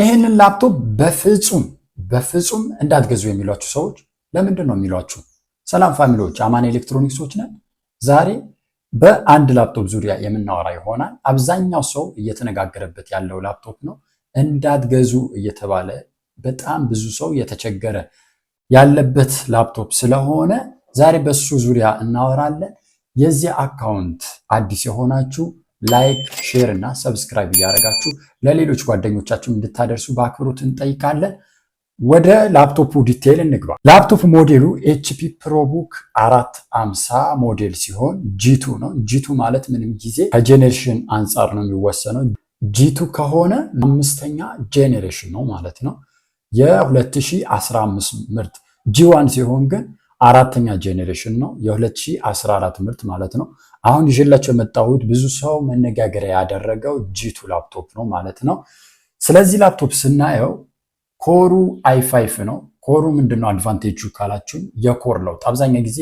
ይህንን ላፕቶፕ በፍጹም በፍጹም እንዳትገዙ የሚሏችሁ ሰዎች ለምንድን ነው የሚሏችሁ? ሰላም ፋሚሊዎች፣ አማን ኤሌክትሮኒክሶች ነን። ዛሬ በአንድ ላፕቶፕ ዙሪያ የምናወራ ይሆናል። አብዛኛው ሰው እየተነጋገረበት ያለው ላፕቶፕ ነው። እንዳትገዙ እየተባለ በጣም ብዙ ሰው እየተቸገረ ያለበት ላፕቶፕ ስለሆነ ዛሬ በሱ ዙሪያ እናወራለን። የዚህ አካውንት አዲስ የሆናችሁ ላይክ፣ ሼር እና ሰብስክራይብ እያደረጋችሁ ለሌሎች ጓደኞቻችሁ እንድታደርሱ በአክብሮት እንጠይቃለን። ወደ ላፕቶፑ ዲቴይል እንግባ። ላፕቶፕ ሞዴሉ ኤችፒ ፕሮቡክ አራት አምሳ ሞዴል ሲሆን ጂቱ ነው። ጂቱ ማለት ምንም ጊዜ ከጄኔሬሽን አንጻር ነው የሚወሰነው። ጂቱ ከሆነ አምስተኛ ጄኔሬሽን ነው ማለት ነው፣ የ2015 ምርት። ጂዋን ሲሆን ግን አራተኛ ጄኔሬሽን ነው፣ የ2014 ምርት ማለት ነው። አሁን ይዤላቸው የመጣሁት ብዙ ሰው መነጋገሪያ ያደረገው ጂቱ ላፕቶፕ ነው ማለት ነው። ስለዚህ ላፕቶፕ ስናየው ኮሩ አይፋይፍ ነው። ኮሩ ምንድነው አድቫንቴጁ ካላችሁን የኮር ለውጥ አብዛኛው ጊዜ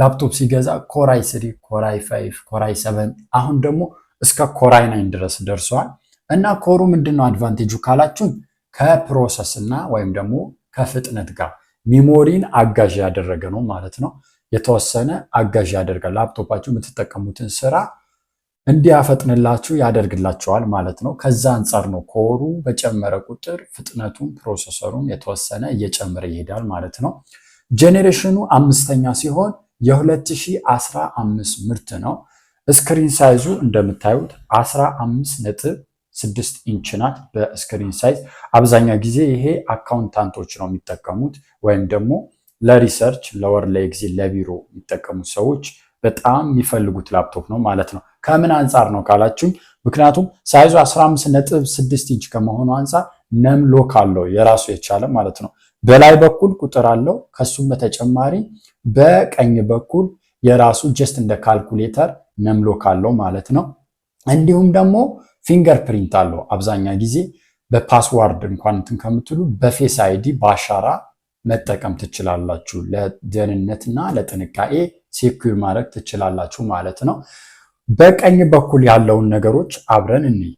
ላፕቶፕ ሲገዛ ኮራይ ስሪ፣ ኮራይ ፋይፍ፣ ኮራይ ሰቨን አሁን ደግሞ እስከ ኮራይ ናይን ድረስ ደርሰዋል። እና ኮሩ ምንድነው አድቫንቴጁ ካላችሁን ከፕሮሰስ እና ወይም ደግሞ ከፍጥነት ጋር ሚሞሪን አጋዥ ያደረገ ነው ማለት ነው። የተወሰነ አጋዥ ያደርጋል። ላፕቶፓችሁ የምትጠቀሙትን ስራ እንዲያፈጥንላችሁ ያደርግላችኋል ማለት ነው። ከዛ አንጻር ነው ኮሩ በጨመረ ቁጥር ፍጥነቱን ፕሮሰሰሩን የተወሰነ እየጨመረ ይሄዳል ማለት ነው። ጄኔሬሽኑ አምስተኛ ሲሆን የ2015 ምርት ነው። ስክሪን ሳይዙ እንደምታዩት 15 ነጥብ ስድስት ኢንች ናት በስክሪን ሳይዝ። አብዛኛው ጊዜ ይሄ አካውንታንቶች ነው የሚጠቀሙት ወይም ደግሞ ለሪሰርች ለወር ለኤግዚ ለቢሮ የሚጠቀሙ ሰዎች በጣም የሚፈልጉት ላፕቶፕ ነው ማለት ነው። ከምን አንጻር ነው ካላችሁኝ፣ ምክንያቱም ሳይዙ 15 6 ኢንች ከመሆኑ አንጻር ነም ሎክ አለው የራሱ የቻለ ማለት ነው። በላይ በኩል ቁጥር አለው። ከሱም በተጨማሪ በቀኝ በኩል የራሱ ጀስት እንደ ካልኩሌተር ነም ሎክ አለው ማለት ነው። እንዲሁም ደግሞ ፊንገር ፕሪንት አለው። አብዛኛ ጊዜ በፓስዋርድ እንኳን እንትን ከምትሉ በፌስ አይዲ በአሻራ መጠቀም ትችላላችሁ። ለደህንነትና ለጥንቃቄ ሴኩር ማድረግ ትችላላችሁ ማለት ነው። በቀኝ በኩል ያለውን ነገሮች አብረን እንይ።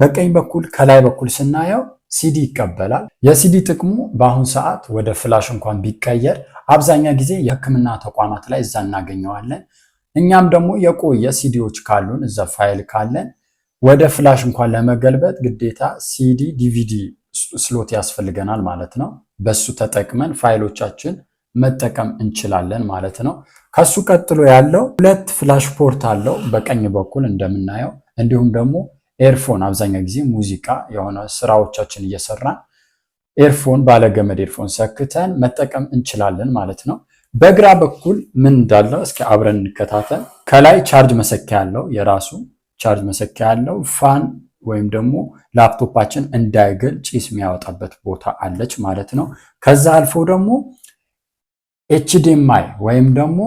በቀኝ በኩል ከላይ በኩል ስናየው ሲዲ ይቀበላል። የሲዲ ጥቅሙ በአሁን ሰዓት ወደ ፍላሽ እንኳን ቢቀየር አብዛኛ ጊዜ የህክምና ተቋማት ላይ እዛ እናገኘዋለን። እኛም ደግሞ የቆየ ሲዲዎች ካሉን እዛ ፋይል ካለን ወደ ፍላሽ እንኳን ለመገልበጥ ግዴታ ሲዲ ዲቪዲ ስሎት ያስፈልገናል ማለት ነው። በሱ ተጠቅመን ፋይሎቻችን መጠቀም እንችላለን ማለት ነው። ከሱ ቀጥሎ ያለው ሁለት ፍላሽ ፖርት አለው በቀኝ በኩል እንደምናየው፣ እንዲሁም ደግሞ ኤርፎን አብዛኛው ጊዜ ሙዚቃ የሆነ ስራዎቻችን እየሰራን ኤርፎን ባለገመድ ኤርፎን ሰክተን መጠቀም እንችላለን ማለት ነው። በግራ በኩል ምን እንዳለው እስኪ አብረን እንከታተል። ከላይ ቻርጅ መሰኪያ አለው የራሱ ቻርጅ መሰኪያ አለው ፋን ወይም ደግሞ ላፕቶፓችን እንዳይገል ጭስ የሚያወጣበት ቦታ አለች ማለት ነው። ከዛ አልፎ ደግሞ ኤችዲኤምአይ ወይም ደግሞ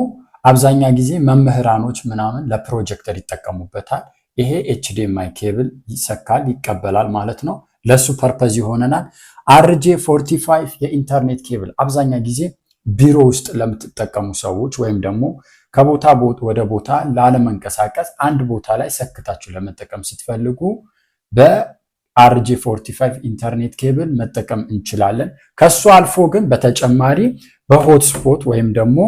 አብዛኛ ጊዜ መምህራኖች ምናምን ለፕሮጀክተር ይጠቀሙበታል። ይሄ ኤችዲኤምአይ ኬብል ይሰካል፣ ይቀበላል ማለት ነው። ለሱ ፐርፐዝ ይሆነናል። አርጄ 45 የኢንተርኔት ኬብል አብዛኛ ጊዜ ቢሮ ውስጥ ለምትጠቀሙ ሰዎች ወይም ደግሞ ከቦታ ወደ ቦታ ላለመንቀሳቀስ አንድ ቦታ ላይ ሰክታችሁ ለመጠቀም ስትፈልጉ በአርጂ 45 ኢንተርኔት ኬብል መጠቀም እንችላለን። ከሱ አልፎ ግን በተጨማሪ በሆትስፖት ወይም ደግሞ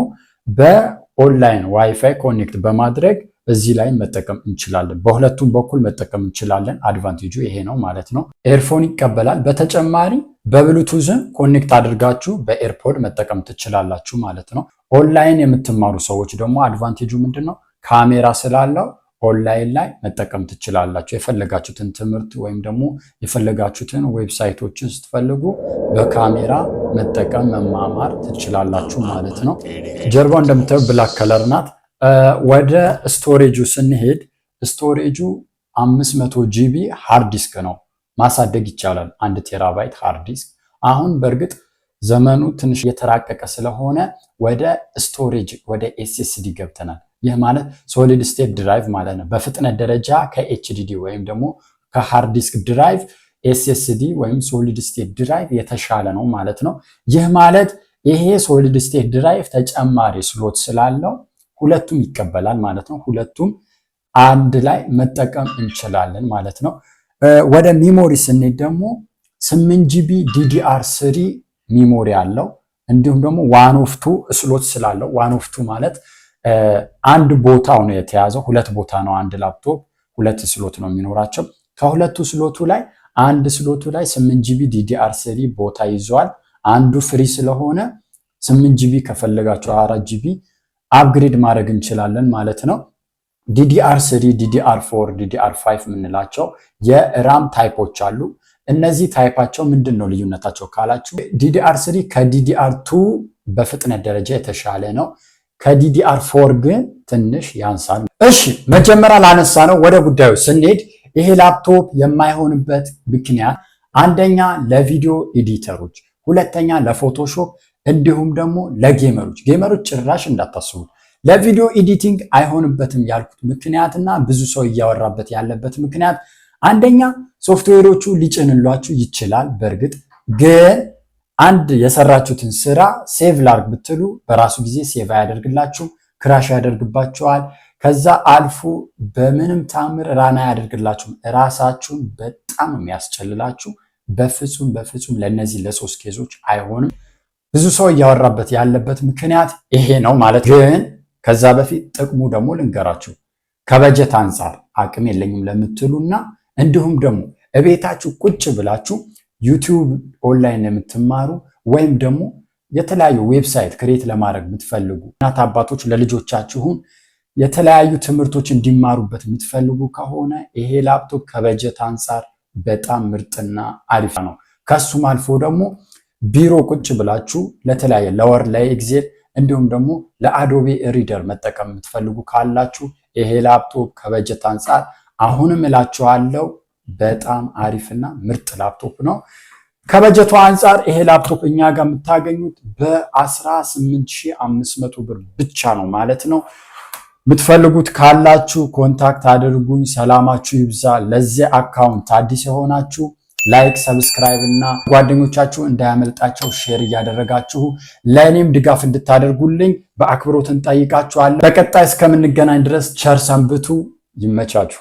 በኦንላይን ዋይፋይ ኮኔክት በማድረግ እዚህ ላይ መጠቀም እንችላለን። በሁለቱም በኩል መጠቀም እንችላለን። አድቫንቴጁ ይሄ ነው ማለት ነው። ኤርፎን ይቀበላል። በተጨማሪ በብሉቱዝን ኮኔክት አድርጋችሁ በኤርፖድ መጠቀም ትችላላችሁ ማለት ነው። ኦንላይን የምትማሩ ሰዎች ደግሞ አድቫንቴጁ ምንድን ነው? ካሜራ ስላለው ኦንላይን ላይ መጠቀም ትችላላችሁ። የፈለጋችሁትን ትምህርት ወይም ደግሞ የፈለጋችሁትን ዌብሳይቶችን ስትፈልጉ በካሜራ መጠቀም መማማር ትችላላችሁ ማለት ነው። ጀርባው እንደምታዩ ብላክ ከለር ናት። ወደ ስቶሬጁ ስንሄድ ስቶሬጁ 500 ጂቢ ሃርድ ዲስክ ነው። ማሳደግ ይቻላል። አንድ ቴራባይት ሃርድ ዲስክ አሁን በእርግጥ ዘመኑ ትንሽ የተራቀቀ ስለሆነ ወደ ስቶሬጅ ወደ ኤስኤስዲ ገብተናል። ይህ ማለት ሶሊድ ስቴት ድራይቭ ማለት ነው። በፍጥነት ደረጃ ከኤችዲዲ ወይም ደግሞ ከሃርዲስክ ድራይቭ ኤስኤስዲ ወይም ሶሊድ ስቴት ድራይቭ የተሻለ ነው ማለት ነው። ይህ ማለት ይሄ ሶሊድ ስቴት ድራይቭ ተጨማሪ ስሎት ስላለው ሁለቱም ይቀበላል ማለት ነው። ሁለቱም አንድ ላይ መጠቀም እንችላለን ማለት ነው። ወደ ሚሞሪ ስንሄድ ደግሞ ስምንት ጂቢ ዲዲአር ስሪ ሚሞሪ አለው። እንዲሁም ደግሞ ዋን ኦፍቱ ስሎት ስላለው ዋን ቱ ማለት አንድ ቦታው ነው የተያዘው። ሁለት ቦታ ነው አንድ ላፕቶፕ ሁለት ስሎት ነው የሚኖራቸው። ከሁለቱ ስሎቱ ላይ አንድ ስሎቱ ላይ 8 ጂቢ ዲዲአር ስሪ ቦታ ይዘዋል። አንዱ ፍሪ ስለሆነ 8 ጂቢ ከፈለጋችሁ 4 ጂቢ አፕግሬድ ማድረግ እንችላለን ማለት ነው። ዲዲአር ስሪ፣ ዲዲአር ፎር፣ ዲዲአር ፋይቭ የምንላቸው የራም ታይፖች አሉ። እነዚህ ታይፓቸው ምንድን ነው ልዩነታቸው ካላችሁ ዲዲአር ስሪ ከዲዲአር ቱ በፍጥነት ደረጃ የተሻለ ነው። ከዲዲአር ፎር ግን ትንሽ ያንሳል። እሺ መጀመሪያ ላነሳ ነው ወደ ጉዳዩ ስንሄድ ይሄ ላፕቶፕ የማይሆንበት ምክንያት አንደኛ ለቪዲዮ ኤዲተሮች፣ ሁለተኛ ለፎቶሾፕ እንዲሁም ደግሞ ለጌመሮች ጌመሮች ጭራሽ እንዳታስቡ ለቪዲዮ ኤዲቲንግ አይሆንበትም ያልኩት ምክንያትና ብዙ ሰው እያወራበት ያለበት ምክንያት አንደኛ ሶፍትዌሮቹ ሊጭንሏችሁ ይችላል። በእርግጥ ግን አንድ የሰራችሁትን ስራ ሴቭ ላርግ ብትሉ በራሱ ጊዜ ሴቭ አያደርግላችሁም፣ ክራሽ ያደርግባችኋል። ከዛ አልፎ በምንም ታምር ራና አያደርግላችሁም። ራሳችሁን በጣም የሚያስጨልላችሁ። በፍጹም በፍጹም ለእነዚህ ለሶስት ኬዞች አይሆንም። ብዙ ሰው እያወራበት ያለበት ምክንያት ይሄ ነው ማለት ግን ከዛ በፊት ጥቅሙ ደግሞ ልንገራችሁ ከበጀት አንጻር አቅም የለኝም ለምትሉና እንዲሁም ደግሞ እቤታችሁ ቁጭ ብላችሁ ዩቲዩብ ኦንላይን የምትማሩ ወይም ደግሞ የተለያዩ ዌብሳይት ክሬት ለማድረግ የምትፈልጉ እናት አባቶች ለልጆቻችሁን የተለያዩ ትምህርቶች እንዲማሩበት የምትፈልጉ ከሆነ ይሄ ላፕቶፕ ከበጀት አንጻር በጣም ምርጥና አሪፍ ነው። ከሱም አልፎ ደግሞ ቢሮ ቁጭ ብላችሁ ለተለያየ ለወር ለኤግዜል እንዲሁም ደግሞ ለአዶቤ ሪደር መጠቀም የምትፈልጉ ካላችሁ ይሄ ላፕቶፕ ከበጀት አንጻር አሁንም እላችኋለሁ በጣም አሪፍና ምርጥ ላፕቶፕ ነው። ከበጀቱ አንጻር ይሄ ላፕቶፕ እኛ ጋር የምታገኙት በ18500 ብር ብቻ ነው ማለት ነው። የምትፈልጉት ካላችሁ ኮንታክት አድርጉኝ። ሰላማችሁ ይብዛ። ለዚህ አካውንት አዲስ የሆናችሁ ላይክ፣ ሰብስክራይብ እና ጓደኞቻችሁ እንዳያመልጣቸው ሼር እያደረጋችሁ ለእኔም ድጋፍ እንድታደርጉልኝ በአክብሮት እንጠይቃችኋለን። በቀጣይ እስከምንገናኝ ድረስ ቸር ሰንብቱ። ይመቻችሁ።